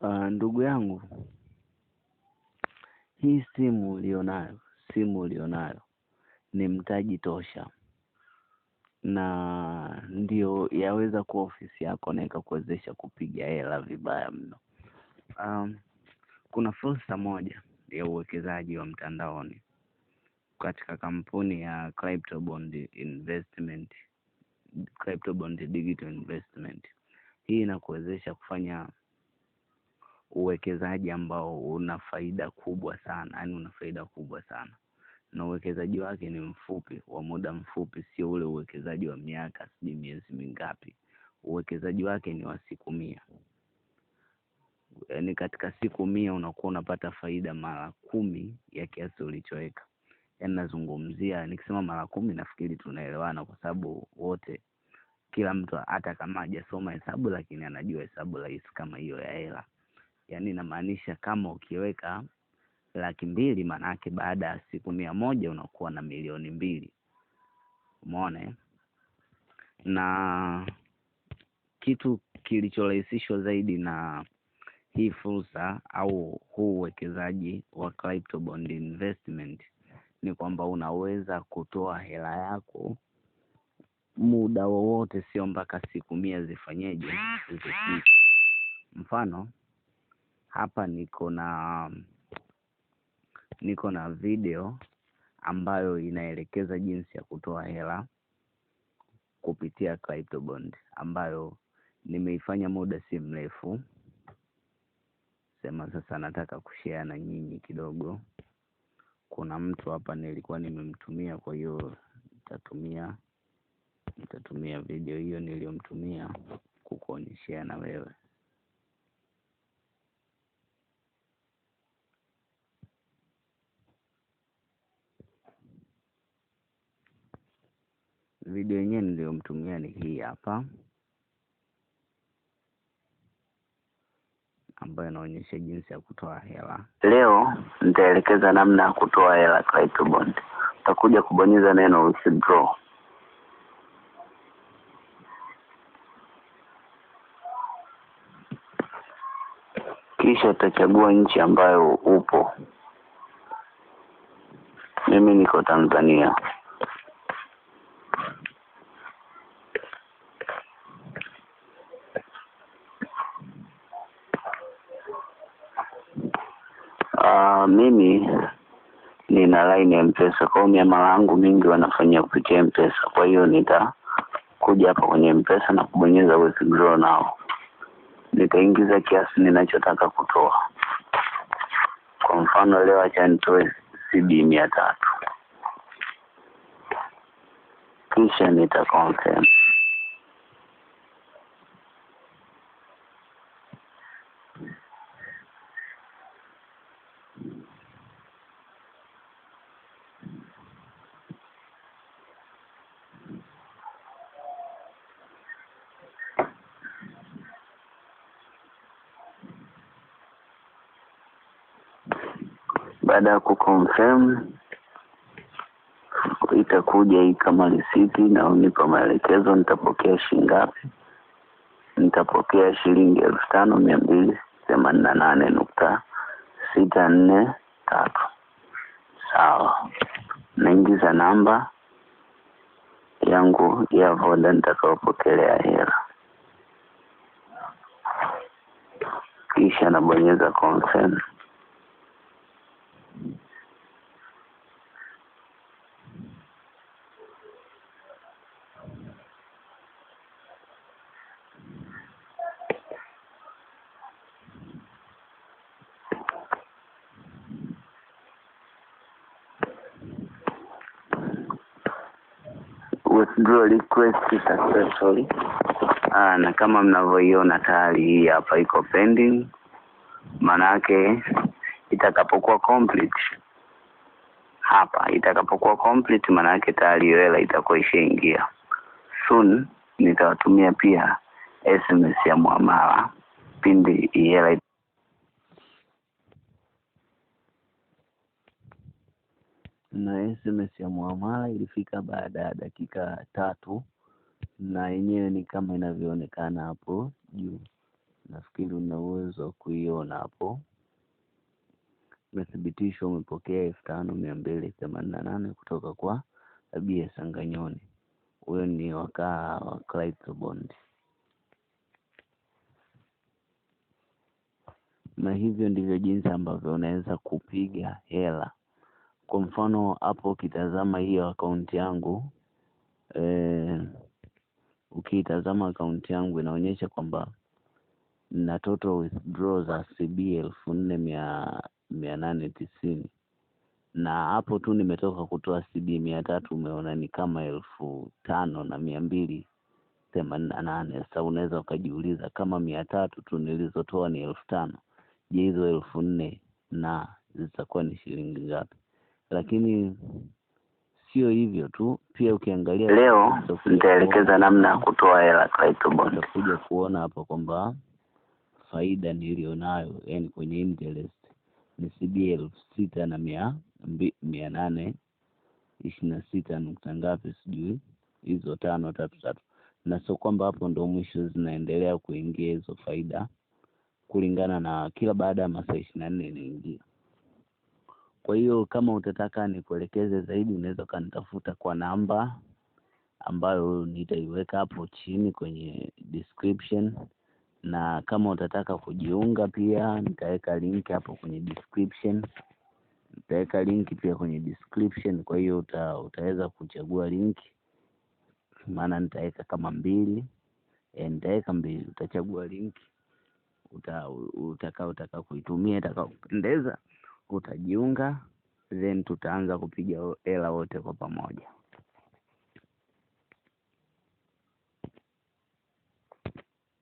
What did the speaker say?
Uh, ndugu yangu, hii simu ulionayo, simu ulionayo ni mtaji tosha, na ndio yaweza kuwa ofisi yako na ikakuwezesha kupiga hela vibaya mno. Um, kuna fursa moja ya uwekezaji wa mtandaoni katika kampuni ya Investment, Digital Investment. Hii inakuwezesha kufanya uwekezaji ambao una faida kubwa sana, yani una faida kubwa sana na uwekezaji wake ni mfupi, wa muda mfupi, sio ule uwekezaji wa miaka sijui miezi mingapi. Uwekezaji wake ni wa siku mia, yaani katika siku mia unakuwa unapata faida mara kumi ya kiasi ulichoweka. Yaani nazungumzia, nikisema mara kumi nafikiri tunaelewana, kwa sababu wote, kila mtu hata kama hajasoma hesabu, lakini anajua hesabu rahisi kama hiyo ya hela yaani inamaanisha kama ukiweka laki mbili maanaake baada ya siku mia moja unakuwa na milioni mbili umeona eh? na kitu kilichorahisishwa zaidi na hii fursa au huu uwekezaji wa bond investment ni kwamba unaweza kutoa hela yako muda wowote, sio mpaka siku mia zifanyeje zifike. Mfano, hapa niko na niko na video ambayo inaelekeza jinsi ya kutoa hela kupitia crypto bond ambayo nimeifanya muda si mrefu. Sema sasa nataka kushare na nyinyi kidogo. Kuna mtu hapa nilikuwa nimemtumia, kwa hiyo nitatumia nitatumia video hiyo niliyomtumia kukuonyeshea na wewe. Video yenyewe niliyomtumia ni hii hapa, ambayo inaonyesha jinsi ya kutoa hela. Leo nitaelekeza namna ya kutoa hela Cryptobond. Utakuja kubonyeza neno withdraw. Kisha utachagua nchi ambayo upo. Mimi niko Tanzania. mimi nina line ya Mpesa, kwa hiyo miamala yangu mingi wanafanyia kupitia Mpesa. Kwa hiyo nitakuja hapa kwenye Mpesa na kubonyeza withdraw nao, nitaingiza kiasi ninachotaka kutoa. Kwa mfano leo, acha nitoe cd mia tatu kisha nita confirm. baada ya kuconfirm itakuja hii kama risiti na unipa maelekezo nitapokea shilingi nitapokea shilingi elfu tano mia mbili themani na nane nukta sita nne tatu sawa naingiza namba yangu ya voda nitakaopokelea hela kisha nabonyeza confirm withdraw request successfully. Aa, ah, na kama mnavyoiona tayari hii hapa iko pending, maanake itakapokuwa complete hapa, itakapokuwa complete maanake tayari hela itakuwa ishaingia. Soon nitawatumia pia SMS ya mwamala pindi hii hela na SMS ya muamala ilifika baada ya dakika tatu, na yenyewe ni kama inavyoonekana hapo juu. Nafikiri una uwezo wa kuiona hapo. umethibitishwa umepokea elfu tano mia mbili themanini na nane kutoka kwa Abia Sanganyoni. Huyo ni wakaa wa clitobond Na hivyo ndivyo jinsi ambavyo unaweza kupiga hela kwa mfano hapo ukitazama hiyo akaunti yangu eh, ukitazama akaunti yangu inaonyesha kwamba na total withdraw za CB elfu nne mia mia nane tisini na hapo tu nimetoka kutoa CB mia tatu umeona ni kama elfu tano na mia mbili themanini na nane. Sasa unaweza ukajiuliza kama mia tatu tu nilizotoa ni elfu tano je, hizo elfu nne na zitakuwa ni shilingi ngapi? lakini sio hivyo tu, pia ukiangalia leo nitaelekeza namna ya kutoa hela Cryptobond. kuona hapo kwamba faida niliyonayo yani kwenye interest ni CB elfu sita na mia mia nane ishirini na sita nukta ngapi sijui, hizo tano tatu tatu, na sio kwamba hapo ndo mwisho, zinaendelea kuingia hizo faida kulingana na kila baada ya masaa ishirini na nne inaingia. Kwa hiyo kama utataka nikuelekeze zaidi unaweza ukanitafuta kwa namba ambayo nitaiweka hapo chini kwenye description na kama utataka kujiunga pia nitaweka link hapo kwenye description nitaweka link pia kwenye description kwa hiyo uta, utaweza kuchagua link maana nitaweka kama mbili e, nitaweka mbili utachagua link uta, utaka utaka kuitumia itakakupendeza utajiunga then tutaanza kupiga hela wote kwa pamoja.